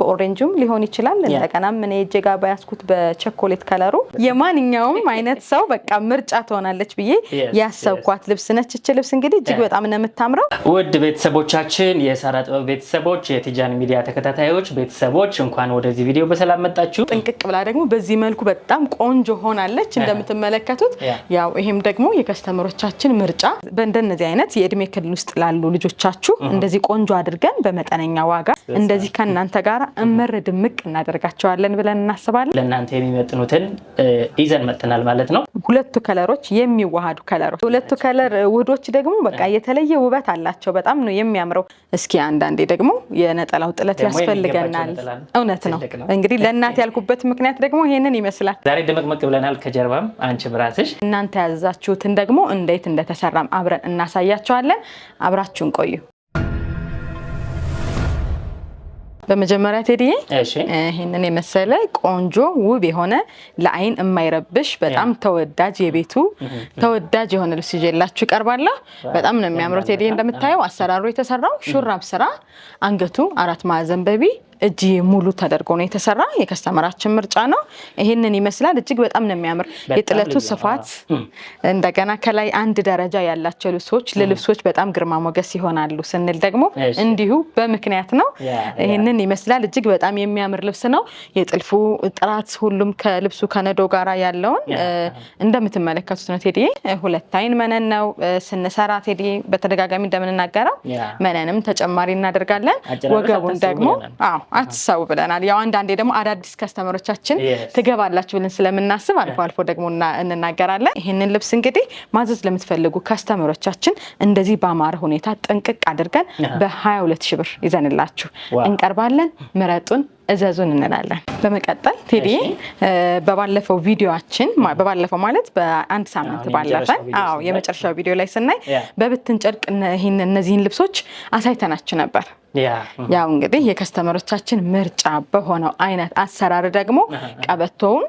በኦሬንጅም ሊሆን ይችላል። እንደገናም ምን የጀጋ ባያስኩት በቸኮሌት ከለሩ የማንኛውም አይነት ሰው በቃ ምርጫ ትሆናለች ብዬ ያሰብኳት ልብስ ነች። ይች ልብስ እንግዲህ እጅግ በጣም ነው የምታምረው። ውድ ቤተሰቦቻችን፣ የሳራ ጥበብ ቤተሰቦች፣ የቲጃን ሚዲያ ተከታታዮች ቤተሰቦች እንኳን ወደዚህ ቪዲዮ በሰላም መጣችሁ። ጥንቅቅ ብላ ደግሞ በዚህ መልኩ በጣም ቆንጆ ሆናለች እንደምትመለከቱት። ያው ይሄም ደግሞ የከስተመሮቻችን ምርጫ በእንደነዚህ አይነት የእድሜ ክልል ውስጥ ላሉ ልጆቻችሁ mm-hmm. እንደዚህ ቆንጆ አድርገን በመጠነኛ ዋጋ እንደዚህ ከእናንተ ጋር እምር ድምቅ እናደርጋቸዋለን ብለን እናስባለን። ለእናንተ የሚመጥኑትን ይዘን መጥናል ማለት ነው። ሁለቱ ከለሮች የሚዋሃዱ ከለሮች ሁለቱ ከለር ውህዶች ደግሞ በቃ የተለየ ውበት አላቸው። በጣም ነው የሚያምረው። እስኪ አንዳንዴ ደግሞ የነጠላው ጥለት ያስፈልገናል። እውነት ነው እንግዲህ ለእናት ያልኩበት ምክንያት ደግሞ ይሄንን ይመስላል። ዛሬ ድምቅምቅ ብለናል። ከጀርባም አንቺ ብራትሽ እናንተ ያዛችሁትን ደግሞ እንዴት እንደተሰራም አብረን እናሳያቸዋለን። አብራችሁን ቆዩ። በመጀመሪያ ቴዲዬ ይህንን የመሰለ ቆንጆ ውብ የሆነ ለአይን የማይረብሽ በጣም ተወዳጅ የቤቱ ተወዳጅ የሆነ ልብስ ይዤላችሁ እቀርባለሁ። በጣም ነው የሚያምረው ቴዲዬ። እንደምታየው አሰራሩ የተሰራው ሹራብ ስራ፣ አንገቱ አራት ማዕዘን በቢ እጅ ሙሉ ተደርጎ ነው የተሰራ። የከስተመራችን ምርጫ ነው። ይህንን ይመስላል። እጅግ በጣም ነው የሚያምር የጥለቱ ስፋት። እንደገና ከላይ አንድ ደረጃ ያላቸው ልብሶች ለልብሶች በጣም ግርማ ሞገስ ይሆናሉ ስንል ደግሞ እንዲሁ በምክንያት ነው። ይህንን ይመስላል። እጅግ በጣም የሚያምር ልብስ ነው። የጥልፉ ጥራት ሁሉም ከልብሱ ከነዶ ጋራ ያለውን እንደምትመለከቱት ነው። ቴዲ ሁለት አይን መነን ነው ስንሰራ። ቴዲ በተደጋጋሚ እንደምንናገረው መነንም ተጨማሪ እናደርጋለን። ወገቡን ደግሞ አዎ አትሳቡ ብለናል። ያው አንዳንዴ ደግሞ አዳዲስ ከስተመሮቻችን ትገባላችሁ ብለን ስለምናስብ አልፎ አልፎ ደግሞ እንናገራለን። ይህንን ልብስ እንግዲህ ማዘዝ ለምትፈልጉ ከስተመሮቻችን እንደዚህ በአማረ ሁኔታ ጥንቅቅ አድርገን በ22 ሺ ብር ይዘንላችሁ እንቀርባለን። ምረጡን። እዘዙን እንላለን። በመቀጠል ቴዲ በባለፈው ቪዲዮችን በባለፈው ማለት በአንድ ሳምንት ባለፈ አዎ የመጨረሻው ቪዲዮ ላይ ስናይ በብትን ጨርቅ እነዚህን ልብሶች አሳይተናችሁ ነበር። ያው እንግዲህ የከስተመሮቻችን ምርጫ በሆነው አይነት አሰራር ደግሞ ቀበቶውን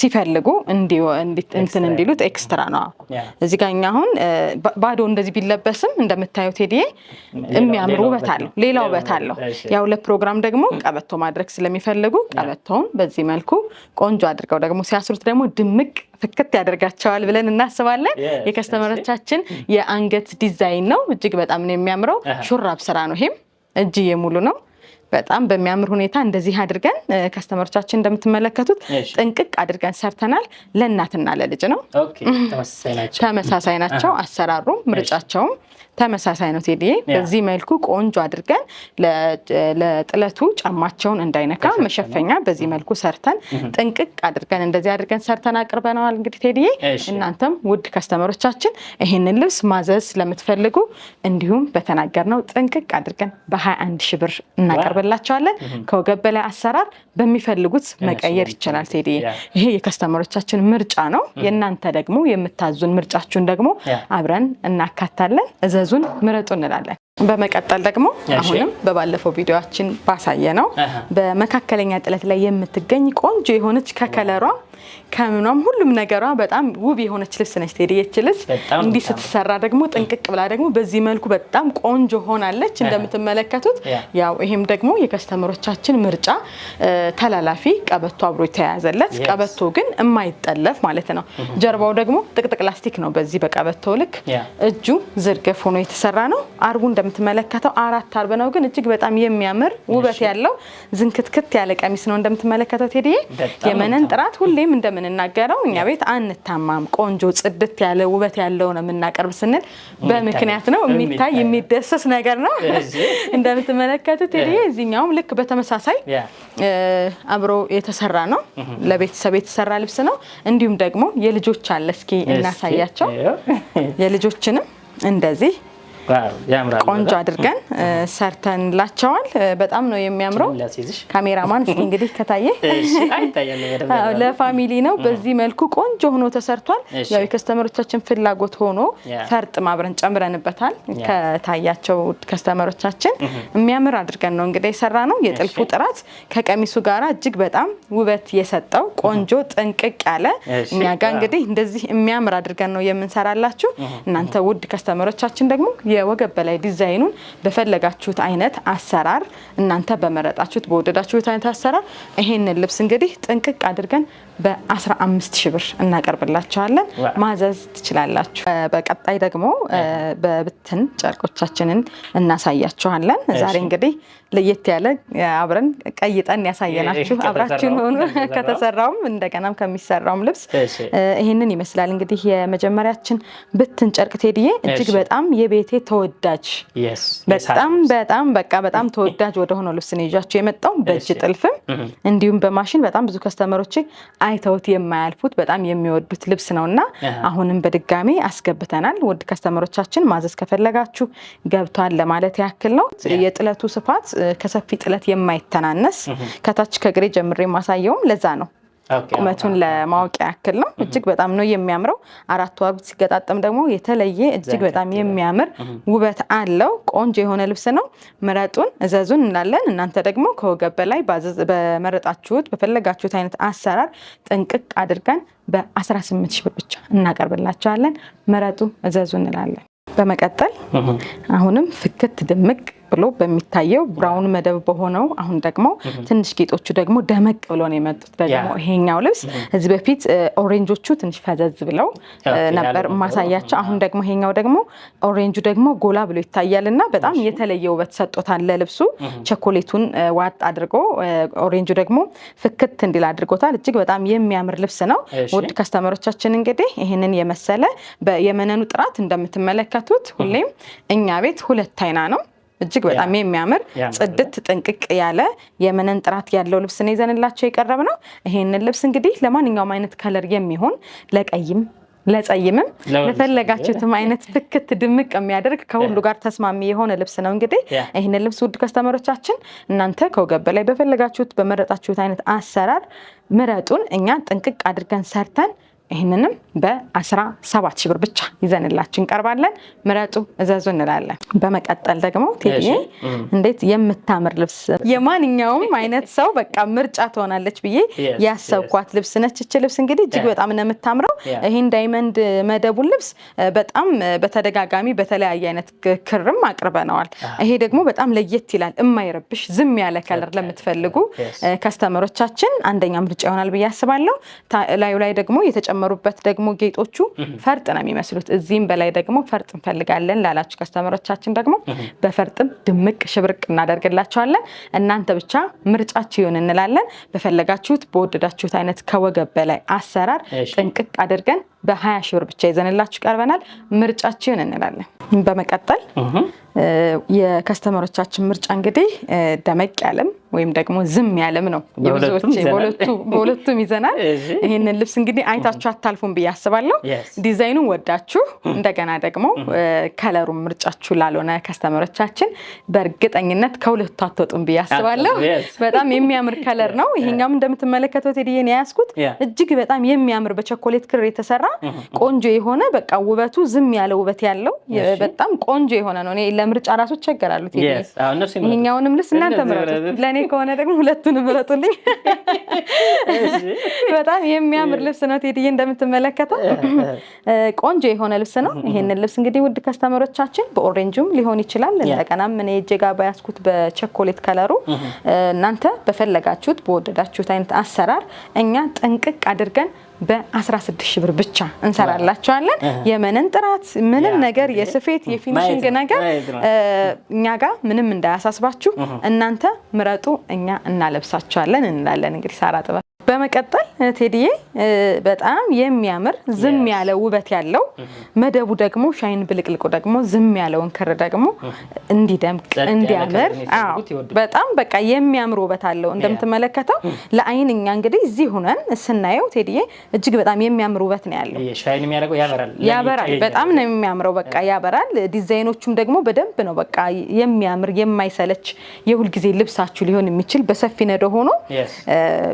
ሲፈልጉ እንትን እንዲሉት ኤክስትራ ነው። እዚህ ጋ እኛ አሁን ባዶ እንደዚህ ቢለበስም እንደምታዩት ቴዲዬ የሚያምሩ ውበት አለው፣ ሌላ ውበት አለው። ያው ለፕሮግራም ደግሞ ቀበቶ ማድረግ ስለሚፈልጉ ቀበቶውን በዚህ መልኩ ቆንጆ አድርገው ደግሞ ሲያስሩት ደግሞ ድምቅ ፍክት ያደርጋቸዋል ብለን እናስባለን። የከስተመሮቻችን የአንገት ዲዛይን ነው፣ እጅግ በጣም ነው የሚያምረው። ሹራብ ስራ ነው ይሄም እጅ ሙሉ ነው። በጣም በሚያምር ሁኔታ እንደዚህ አድርገን ከስተመሮቻችን እንደምትመለከቱት ጥንቅቅ አድርገን ሰርተናል። ለእናትና ለልጅ ነው፣ ተመሳሳይ ናቸው። አሰራሩም ምርጫቸውም ተመሳሳይ ነው ቴዲዬ። በዚህ መልኩ ቆንጆ አድርገን ለጥለቱ ጫማቸውን እንዳይነካ መሸፈኛ በዚህ መልኩ ሰርተን ጥንቅቅ አድርገን እንደዚህ አድርገን ሰርተን አቅርበነዋል። እንግዲህ ቴዲዬ እናንተም ውድ ከስተመሮቻችን ይህንን ልብስ ማዘዝ ስለምትፈልጉ እንዲሁም በተናገርነው ጥንቅቅ አድርገን በ21 ሺህ ብር እናቀርብላቸዋለን። ከወገብ በላይ አሰራር በሚፈልጉት መቀየር ይችላል ቴዲዬ። ይሄ የከስተመሮቻችን ምርጫ ነው። የእናንተ ደግሞ የምታዙን ምርጫችሁን ደግሞ አብረን እናካታለን። እዘዙ መዘዙን ምረጡ እንላለን። በመቀጠል ደግሞ አሁንም በባለፈው ቪዲዮችን ባሳየ ነው በመካከለኛ ጥለት ላይ የምትገኝ ቆንጆ የሆነች ከከለሯ ከምኗም ሁሉም ነገሯ በጣም ውብ የሆነች ልብስ ነች። ቴዲ ልብስ እንዲህ ስትሰራ ደግሞ ጥንቅቅ ብላ ደግሞ በዚህ መልኩ በጣም ቆንጆ ሆናለች እንደምትመለከቱት። ያው ይሄም ደግሞ የከስተመሮቻችን ምርጫ ተላላፊ ቀበቶ አብሮ የተያያዘለት ቀበቶ ግን የማይጠለፍ ማለት ነው። ጀርባው ደግሞ ጥቅጥቅ ላስቲክ ነው። በዚህ በቀበቶ ልክ እጁ ዝርግፍ ሆኖ የተሰራ ነው። አርቡ እንደምትመለከተው አራት አርብ ነው፣ ግን እጅግ በጣም የሚያምር ውበት ያለው ዝንክትክት ያለ ቀሚስ ነው እንደምትመለከተው ቴዲዬ የመነን ጥራት ሁሌም እንደ የምንናገረው እኛ ቤት አንታማም፣ ቆንጆ ጽድት ያለ ውበት ያለው ነው የምናቀርብ ስንል በምክንያት ነው። የሚታይ የሚደሰስ ነገር ነው። እንደምትመለከቱት እዚህኛውም ልክ በተመሳሳይ አብሮ የተሰራ ነው። ለቤተሰብ የተሰራ ልብስ ነው። እንዲሁም ደግሞ የልጆች አለ። እስኪ እናሳያቸው የልጆችንም እንደዚህ ቆንጆ አድርገን ሰርተንላቸዋል። በጣም ነው የሚያምረው። ካሜራማን እንግዲህ ከታየ ለፋሚሊ ነው። በዚህ መልኩ ቆንጆ ሆኖ ተሰርቷል። ያው የከስተመሮቻችን ፍላጎት ሆኖ ፈርጥ ማብረን ጨምረንበታል። ከታያቸው ከስተመሮቻችን የሚያምር አድርገን ነው እንግዲህ የሰራ ነው። የጥልፉ ጥራት ከቀሚሱ ጋራ እጅግ በጣም ውበት የሰጠው ቆንጆ ጥንቅቅ ያለ እኛ ጋር እንግዲህ እንደዚህ የሚያምር አድርገን ነው የምንሰራላችሁ። እናንተ ውድ ከስተመሮቻችን ደግሞ የወገብ በላይ ዲዛይኑን በፈለጋችሁት አይነት አሰራር እናንተ በመረጣችሁት በወደዳችሁት አይነት አሰራር ይሄንን ልብስ እንግዲህ ጥንቅቅ አድርገን በ15 ሺህ ብር እናቀርብላችኋለን። ማዘዝ ትችላላችሁ። በቀጣይ ደግሞ በብትን ጨርቆቻችንን እናሳያችኋለን። ዛሬ እንግዲህ ለየት ያለ አብረን ቀይጠን ያሳየናችሁ አብራችን ሆኑ ከተሰራውም እንደገናም ከሚሰራውም ልብስ ይህንን ይመስላል። እንግዲህ የመጀመሪያችን ብትን ጨርቅ ቴዲዬ እጅግ በጣም የቤቴ ተወዳጅ በጣም በጣም በቃ በጣም ተወዳጅ ሆነ ልብስ ነው ይዣቸው የመጣው በእጅ ጥልፍም mm-hmm. እንዲሁም በማሽን በጣም ብዙ ከስተመሮች አይተውት የማያልፉት በጣም የሚወዱት ልብስ ነው እና uh-huh. አሁንም በድጋሚ አስገብተናል። ውድ ከስተመሮቻችን ማዘዝ ከፈለጋችሁ ገብቷል ለማለት ያክል ነው። የጥለቱ ስፋት ከሰፊ ጥለት የማይተናነስ mm-hmm. ከታች ከግሬ ጀምሬ ማሳየውም ለዛ ነው ቁመቱን ለማወቅ ያክል ነው። እጅግ በጣም ነው የሚያምረው። አራት ዋጉት ሲገጣጠም ደግሞ የተለየ እጅግ በጣም የሚያምር ውበት አለው። ቆንጆ የሆነ ልብስ ነው። ምረጡን፣ እዘዙን እንላለን። እናንተ ደግሞ ከወገብ በላይ በመረጣችሁት በፈለጋችሁት አይነት አሰራር ጥንቅቅ አድርገን በ18 ሺህ ብር ብቻ እናቀርብላቸዋለን። ምረጡ፣ እዘዙ እንላለን። በመቀጠል አሁንም ፍክት ድምቅ ብሎ በሚታየው ብራውን መደብ በሆነው አሁን ደግሞ ትንሽ ጌጦቹ ደግሞ ደመቅ ብሎ ነው የመጡት። ደግሞ ይሄኛው ልብስ እዚህ በፊት ኦሬንጆቹ ትንሽ ፈዘዝ ብለው ነበር ማሳያቸው። አሁን ደግሞ ይሄኛው ደግሞ ኦሬንጁ ደግሞ ጎላ ብሎ ይታያል እና በጣም የተለየ ውበት ሰጦታል ለልብሱ። ቸኮሌቱን ዋጥ አድርጎ ኦሬንጁ ደግሞ ፍክት እንዲል አድርጎታል። እጅግ በጣም የሚያምር ልብስ ነው። ውድ ከስተመሮቻችን እንግዲህ ይህንን የመሰለ የመነኑ ጥራት እንደምትመለከቱት ሁሌም እኛ ቤት ሁለት አይና ነው እጅግ በጣም የሚያምር ጽድት ጥንቅቅ ያለ የመነን ጥራት ያለው ልብስ ነው ይዘንላቸው የቀረብ ነው። ይሄንን ልብስ እንግዲህ ለማንኛውም አይነት ከለር የሚሆን ለቀይም ለጸይምም ለፈለጋችሁትም አይነት ፍክት ድምቅ የሚያደርግ ከሁሉ ጋር ተስማሚ የሆነ ልብስ ነው። እንግዲህ ይህንን ልብስ ውድ ከስተመሮቻችን እናንተ ከወገብ በላይ በፈለጋችሁት በመረጣችሁት አይነት አሰራር ምረጡን። እኛ ጥንቅቅ አድርገን ሰርተን ይህንንም በ17 ሺህ ብር ብቻ ይዘንላችሁ እንቀርባለን። ምረጡ፣ እዘዙ እንላለን። በመቀጠል ደግሞ ቴዲዬ እንዴት የምታምር ልብስ የማንኛውም አይነት ሰው በቃ ምርጫ ትሆናለች ብዬ ያሰብኳት ልብስ ነች። ይች ልብስ እንግዲህ እጅግ በጣም ነው የምታምረው። ይህን ዳይመንድ መደቡን ልብስ በጣም በተደጋጋሚ በተለያየ አይነት ክርም አቅርበነዋል። ah. ይሄ ደግሞ በጣም ለየት ይላል። እማይረብሽ ዝም ያለ ከለር ለምትፈልጉ ከስተመሮቻችን አንደኛ ምርጫ ይሆናል ብዬ አስባለሁ። ላዩ ላይ ደግሞ የተጨ የተጨመሩበት ደግሞ ጌጦቹ ፈርጥ ነው የሚመስሉት። እዚህም በላይ ደግሞ ፈርጥ እንፈልጋለን ላላችሁ ከስተመሮቻችን ደግሞ በፈርጥም ድምቅ ሽብርቅ እናደርግላቸዋለን። እናንተ ብቻ ምርጫችሁ ይሁን እንላለን። በፈለጋችሁት በወደዳችሁት አይነት ከወገብ በላይ አሰራር ጥንቅቅ አድርገን በ20 ሺህ ብር ብቻ ይዘንላችሁ ቀርበናል። ምርጫችሁን እንላለን። በመቀጠል የከስተመሮቻችን ምርጫ እንግዲህ ደመቅ ያለም ወይም ደግሞ ዝም ያለም ነው። በሁለቱም ይዘናል። ይህንን ልብስ እንግዲህ አይታችሁ አታልፉም ብዬ አስባለሁ። ዲዛይኑን ወዳችሁ እንደገና ደግሞ ከለሩ ምርጫችሁ ላልሆነ ከስተመሮቻችን በእርግጠኝነት ከሁለቱ አትወጡም ብዬ አስባለሁ። በጣም የሚያምር ከለር ነው። ይሄኛውም እንደምትመለከተው ቴዲዬን የያዝኩት እጅግ በጣም የሚያምር በቸኮሌት ክር የተሰራ ቆንጆ የሆነ በቃ ውበቱ ዝም ያለ ውበት ያለው በጣም ቆንጆ የሆነ ነው። እኔ ለምርጫ ራሱ እቸገራለሁ። ይኸኛውንም ልብስ እናንተ ምረጡ፣ ለእኔ ከሆነ ደግሞ ሁለቱን ምረጡልኝ። በጣም የሚያምር ልብስ ነው ቴዲዬ፣ እንደምትመለከተው ቆንጆ የሆነ ልብስ ነው። ይሄንን ልብስ እንግዲህ ውድ ከስተመሮቻችን በኦሬንጅም ሊሆን ይችላል። እንደቀናም እኔ እጀጋ ባያስኩት በቸኮሌት ከለሩ እናንተ በፈለጋችሁት በወደዳችሁት አይነት አሰራር እኛ ጥንቅቅ አድርገን በ16 ሺህ ብር ብቻ እንሰራላቸዋለን። የመንን ጥራት ምንም ነገር የስፌት የፊኒሽንግ ነገር እኛ ጋር ምንም እንዳያሳስባችሁ፣ እናንተ ምረጡ፣ እኛ እናለብሳቸዋለን እንላለን። እንግዲህ ሳራ ጥበብ በመቀጠል ቴዲዬ በጣም የሚያምር ዝም ያለ ውበት ያለው መደቡ ደግሞ ሻይን ብልቅልቁ ደግሞ ዝም ያለውን ክር ደግሞ እንዲደምቅ እንዲያምር፣ በጣም በቃ የሚያምር ውበት አለው። እንደምትመለከተው ለአይን እኛ እንግዲህ እዚህ ሁነን ስናየው ቴዲዬ እጅግ በጣም የሚያምር ውበት ነው ያለው። ያበራል፣ በጣም ነው የሚያምረው። በቃ ያበራል። ዲዛይኖቹም ደግሞ በደንብ ነው በቃ የሚያምር የማይሰለች የሁልጊዜ ልብሳችሁ ሊሆን የሚችል በሰፊ ነዶ ሆኖ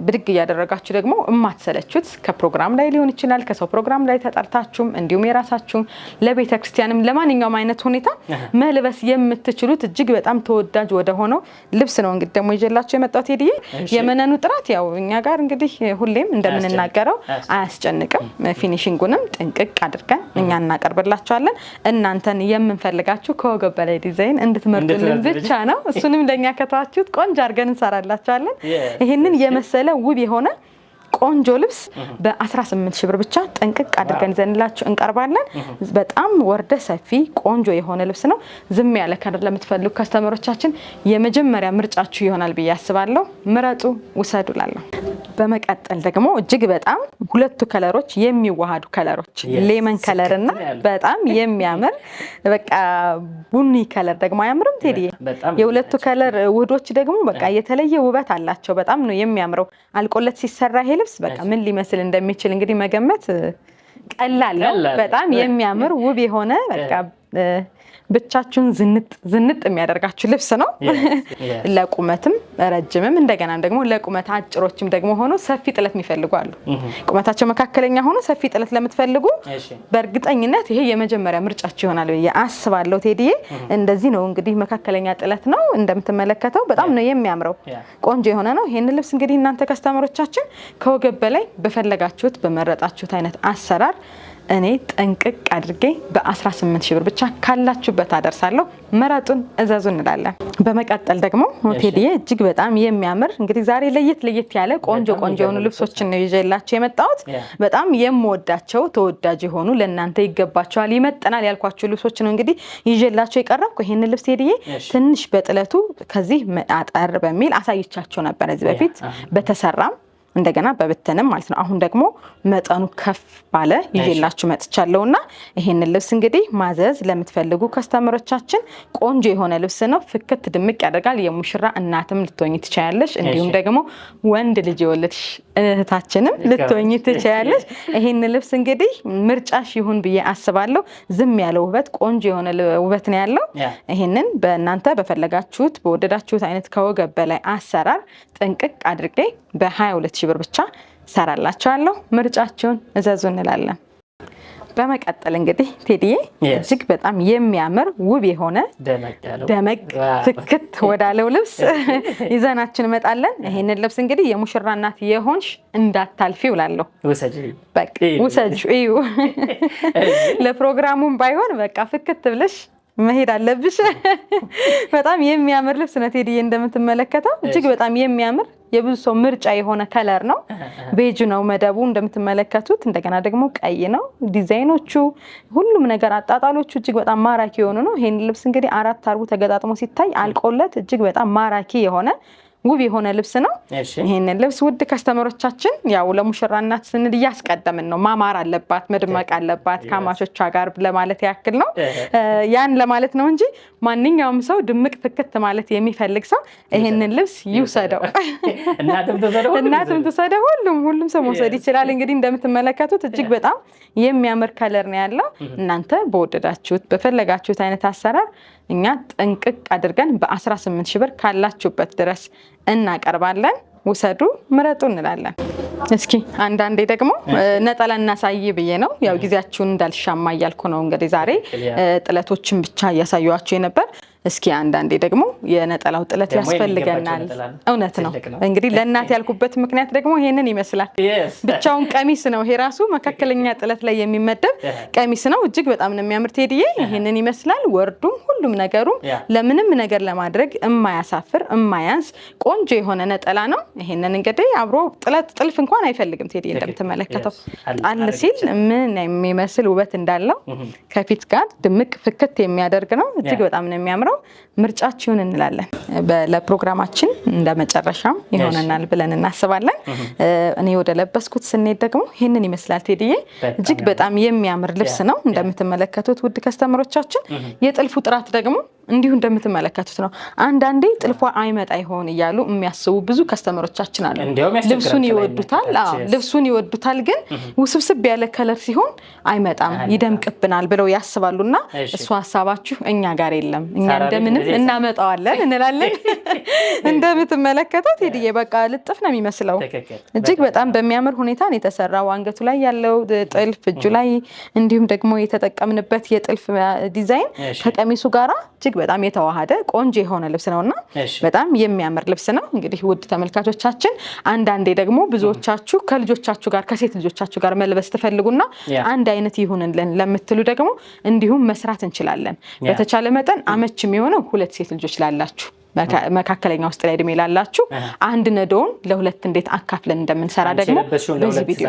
ብድግ እያደረገ ካደረጋችሁ ደግሞ እማትሰለችት ከፕሮግራም ላይ ሊሆን ይችላል፣ ከሰው ፕሮግራም ላይ ተጠርታችሁም፣ እንዲሁም የራሳችሁም ለቤተ ክርስቲያንም ለማንኛውም አይነት ሁኔታ መልበስ የምትችሉት እጅግ በጣም ተወዳጅ ወደ ሆነው ልብስ ነው። እንግዲህ ደግሞ ይዤላችሁ የመጣሁት ሄድዬ የመነኑ ጥራት ያው እኛ ጋር እንግዲህ ሁሌም እንደምንናገረው አያስጨንቅም። ፊኒሽንጉንም ጥንቅቅ አድርገን እኛ እናቀርብላችኋለን። እናንተን የምንፈልጋችሁ ከወገብ በላይ ዲዛይን እንድትመርጡልን ብቻ ነው። እሱንም ለእኛ ከተዋችሁት ቆንጆ አድርገን እንሰራላችኋለን። ይህንን የመሰለ ውብ የሆነ ቆንጆ ልብስ በ18 ሽብር ብር ብቻ ጥንቅቅ አድርገን ዘንላችሁ እንቀርባለን። በጣም ወርደ ሰፊ ቆንጆ የሆነ ልብስ ነው። ዝም ያለ ከለር ለምትፈልጉ ከስተመሮቻችን የመጀመሪያ ምርጫችሁ ይሆናል ብዬ አስባለሁ። ምረጡ፣ ውሰዱ ላለሁ በመቀጠል ደግሞ እጅግ በጣም ሁለቱ ከለሮች የሚዋሃዱ ከለሮች ሌመን ከለር እና በጣም የሚያምር በቃ ቡኒ ከለር ደግሞ አያምርም ቴዲ? የሁለቱ ከለር ውህዶች ደግሞ በቃ የተለየ ውበት አላቸው። በጣም ነው የሚያምረው። አልቆለት ሲሰራ ይሄ ልብስ በቃ ምን ሊመስል እንደሚችል እንግዲህ መገመት ቀላል ነው። በጣም የሚያምር ውብ የሆነ በቃ ብቻችሁን ዝንጥ ዝንጥ የሚያደርጋችሁ ልብስ ነው። ለቁመትም ረጅምም እንደገና ደግሞ ለቁመት አጭሮችም ደግሞ ሆኖ ሰፊ ጥለት የሚፈልጉ አሉ። ቁመታቸው መካከለኛ ሆኖ ሰፊ ጥለት ለምትፈልጉ በእርግጠኝነት ይሄ የመጀመሪያ ምርጫችሁ ይሆናል ብዬ አስባለሁ። ቴዲዬ እንደዚህ ነው እንግዲህ መካከለኛ ጥለት ነው እንደምትመለከተው፣ በጣም ነው የሚያምረው፣ ቆንጆ የሆነ ነው። ይህን ልብስ እንግዲህ እናንተ ከስተመሮቻችን ከወገብ በላይ በፈለጋችሁት በመረጣችሁት አይነት አሰራር እኔ ጠንቅቅ አድርጌ በ18 ሺህ ብር ብቻ ካላችሁበት አደርሳለሁ። መረጡን እዘዙ እንላለን። በመቀጠል ደግሞ ቴዲዬ እጅግ በጣም የሚያምር እንግዲህ ዛሬ ለየት ለየት ያለ ቆንጆ ቆንጆ የሆኑ ልብሶችን ነው ይዤላቸው የመጣሁት። በጣም የምወዳቸው ተወዳጅ የሆኑ ለእናንተ ይገባቸዋል፣ ይመጠናል ያልኳቸው ልብሶች ነው እንግዲህ ይዤላቸው የቀረብኩ። ይህን ልብስ ቴዲዬ ትንሽ በጥለቱ ከዚህ አጠር በሚል አሳይቻቸው ነበር እዚህ በፊት በተሰራም እንደገና በብትንም ማለት ነው። አሁን ደግሞ መጠኑ ከፍ ባለ ይዤላችሁ መጥቻለሁ እና ይሄንን ልብስ እንግዲህ ማዘዝ ለምትፈልጉ ከስተመሮቻችን ቆንጆ የሆነ ልብስ ነው። ፍክት ድምቅ ያደርጋል። የሙሽራ እናትም ልትሆኝ ትችላለሽ። እንዲሁም ደግሞ ወንድ ልጅ የወለድሽ እህታችንም ልትወኝ ትችያለሽ። ይህን ልብስ እንግዲህ ምርጫሽ ይሁን ብዬ አስባለሁ። ዝም ያለ ውበት፣ ቆንጆ የሆነ ውበት ነው ያለው። ይህንን በእናንተ በፈለጋችሁት በወደዳችሁት አይነት ከወገብ በላይ አሰራር ጥንቅቅ አድርጌ በ22 ሺ ብር ብቻ ሰራላችኋለሁ። ምርጫችሁን እዘዙ እንላለን። በመቀጠል እንግዲህ ቴዲዬ እጅግ በጣም የሚያምር ውብ የሆነ ደመቅ ትክት ወዳለው ልብስ ይዘናችን እንመጣለን። ይሄንን ልብስ እንግዲህ የሙሽራ እናት የሆንሽ እንዳታልፊው ውላለሁ ውሰጅ እዩ። ለፕሮግራሙም ባይሆን በቃ ፍክት ብለሽ መሄድ አለብሽ። በጣም የሚያምር ልብስ ነው ቴዲዬ፣ እንደምትመለከተው እጅግ በጣም የሚያምር የብዙ ሰው ምርጫ የሆነ ከለር ነው። ቤጅ ነው መደቡ እንደምትመለከቱት፣ እንደገና ደግሞ ቀይ ነው። ዲዛይኖቹ፣ ሁሉም ነገር አጣጣሎቹ እጅግ በጣም ማራኪ የሆኑ ነው። ይህን ልብስ እንግዲህ አራት አርቡ ተገጣጥሞ ሲታይ አልቆለት እጅግ በጣም ማራኪ የሆነ ውብ የሆነ ልብስ ነው። ይህንን ልብስ ውድ ከስተመሮቻችን ያው ለሙሽራ እናት ስንል እያስቀደምን ነው። ማማር አለባት፣ መድመቅ አለባት ከአማቾቿ ጋር ለማለት ያክል ነው። ያን ለማለት ነው እንጂ ማንኛውም ሰው ድምቅ ፍክት ማለት የሚፈልግ ሰው ይህንን ልብስ ይውሰደው። እናትም ትውሰደው፣ ሁሉም ሁሉም ሰው መውሰድ ይችላል። እንግዲህ እንደምትመለከቱት እጅግ በጣም የሚያምር ከለር ነው ያለው። እናንተ በወደዳችሁት በፈለጋችሁት አይነት አሰራር እኛ ጥንቅቅ አድርገን በ18 ሺህ ብር ካላችሁበት ድረስ እናቀርባለን። ውሰዱ፣ ምረጡ እንላለን። እስኪ አንዳንዴ ደግሞ ነጠላ እናሳይ ብዬ ነው። ያው ጊዜያችሁን እንዳልሻማ እያልኩ ነው። እንግዲህ ዛሬ ጥለቶችን ብቻ እያሳየኋችሁ የነበር እስኪ አንዳንዴ ደግሞ የነጠላው ጥለት ያስፈልገናል። እውነት ነው። እንግዲህ ለእናት ያልኩበት ምክንያት ደግሞ ይሄንን ይመስላል። ብቻውን ቀሚስ ነው። ይሄ ራሱ መካከለኛ ጥለት ላይ የሚመደብ ቀሚስ ነው። እጅግ በጣም ነው የሚያምር ቴዲዬ። ይሄንን ይመስላል ወርዱም፣ ሁሉም ነገሩም ለምንም ነገር ለማድረግ የማያሳፍር የማያንስ ቆንጆ የሆነ ነጠላ ነው። ይሄንን እንግዲህ አብሮ ጥለት ጥልፍ እንኳን አይፈልግም ቴዲዬ። እንደምትመለከተው ጣል ሲል ምን የሚመስል ውበት እንዳለው mm-hmm. ከፊት ጋር ድምቅ ፍክት የሚያደርግ ነው። እጅግ በጣም ነው የሚያምረው። ነው። ምርጫችሁን እንላለን። ለፕሮግራማችን እንደ መጨረሻም ይሆነናል ብለን እናስባለን። እኔ ወደ ለበስኩት ስንሄድ ደግሞ ይህንን ይመስላል ቴድዬ እጅግ በጣም የሚያምር ልብስ ነው እንደምትመለከቱት ውድ ከስተምሮቻችን። የጥልፉ ጥራት ደግሞ እንዲሁ እንደምትመለከቱት ነው። አንዳንዴ ጥልፏ አይመጣ ይሆን እያሉ የሚያስቡ ብዙ ከስተመሮቻችን አሉ። ልብሱን ይወዱታል፣ ልብሱን ይወዱታል፣ ግን ውስብስብ ያለ ከለር ሲሆን አይመጣም፣ ይደምቅብናል ብለው ያስባሉ። እና እሱ ሀሳባችሁ እኛ ጋር የለም፣ እኛ እንደምንም እናመጣዋለን እንላለን። እንደምትመለከቱት ሄድዬ በቃ ልጥፍ ነው የሚመስለው። እጅግ በጣም በሚያምር ሁኔታ ነው የተሰራው። አንገቱ ላይ ያለው ጥልፍ፣ እጁ ላይ እንዲሁም ደግሞ የተጠቀምንበት የጥልፍ ዲዛይን ከቀሚሱ ጋራ እጅግ እጅግ በጣም የተዋሃደ ቆንጆ የሆነ ልብስ ነው እና በጣም የሚያምር ልብስ ነው። እንግዲህ ውድ ተመልካቾቻችን አንዳንዴ ደግሞ ብዙዎቻችሁ ከልጆቻችሁ ጋር ከሴት ልጆቻችሁ ጋር መልበስ ትፈልጉና አንድ አይነት ይሁንልን ለምትሉ ደግሞ እንዲሁም መስራት እንችላለን። በተቻለ መጠን አመች የሚሆነው ሁለት ሴት ልጆች ላላችሁ መካከለኛ ውስጥ ላይ እድሜ ላላችሁ አንድ ነዶውን ለሁለት እንዴት አካፍለን እንደምንሰራ ደግሞ በዚህ ቪዲዮ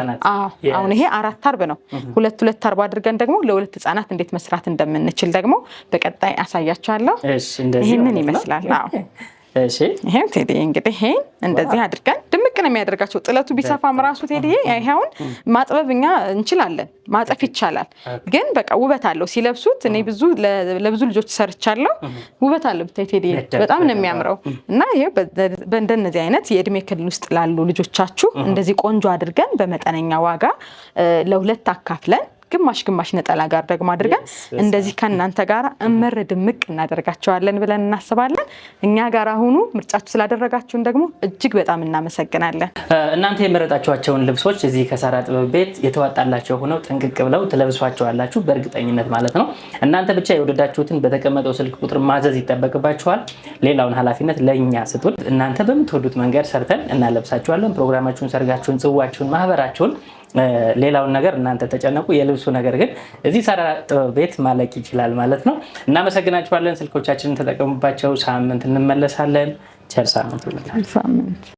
አሁን ይሄ አራት አርብ ነው። ሁለት ሁለት አርብ አድርገን ደግሞ ለሁለት ህጻናት እንዴት መስራት እንደምንችል ደግሞ በቀጣይ አሳያችኋለሁ። ይህንን ይመስላል። ይሄም ቴዲዬ እንግዲህ ይሄ እንደዚህ አድርገን ድምቅ ነው የሚያደርጋቸው። ጥለቱ ቢሰፋም ራሱ ቴዲ ይሄውን ማጥበብ እኛ እንችላለን፣ ማጠፍ ይቻላል። ግን በቃ ውበት አለው ሲለብሱት። እኔ ብዙ ለብዙ ልጆች ሰርቻለሁ። ውበት አለው ብታይ ቴዲዬ በጣም ነው የሚያምረው። እና ይሄ በእንደነዚህ አይነት የእድሜ ክልል ውስጥ ላሉ ልጆቻችሁ እንደዚህ ቆንጆ አድርገን በመጠነኛ ዋጋ ለሁለት አካፍለን ግማሽ ግማሽ ነጠላ ጋር ደግሞ አድርገን እንደዚህ ከእናንተ ጋር እምር ድምቅ እናደርጋቸዋለን ብለን እናስባለን። እኛ ጋር አሁኑ ምርጫችሁ ስላደረጋችሁን ደግሞ እጅግ በጣም እናመሰግናለን። እናንተ የመረጣችኋቸውን ልብሶች እዚህ ከሳራ ጥበብ ቤት የተዋጣላቸው ሆነው ጥንቅቅ ብለው ትለብሷቸዋላችሁ በእርግጠኝነት ማለት ነው። እናንተ ብቻ የወደዳችሁትን በተቀመጠው ስልክ ቁጥር ማዘዝ ይጠበቅባችኋል። ሌላውን ኃላፊነት ለእኛ ስጡት። እናንተ በምትወዱት መንገድ ሰርተን እናለብሳችኋለን። ፕሮግራማችሁን፣ ሰርጋችሁን፣ ጽዋችሁን፣ ማህበራችሁን ሌላውን ነገር እናንተ ተጨነቁ። የልብሱ ነገር ግን እዚህ ሳራ ጥበብ ቤት ማለቅ ይችላል ማለት ነው። እናመሰግናችኋለን። ስልኮቻችንን ተጠቀሙባቸው። ሳምንት እንመለሳለን። ቸር ሳምንት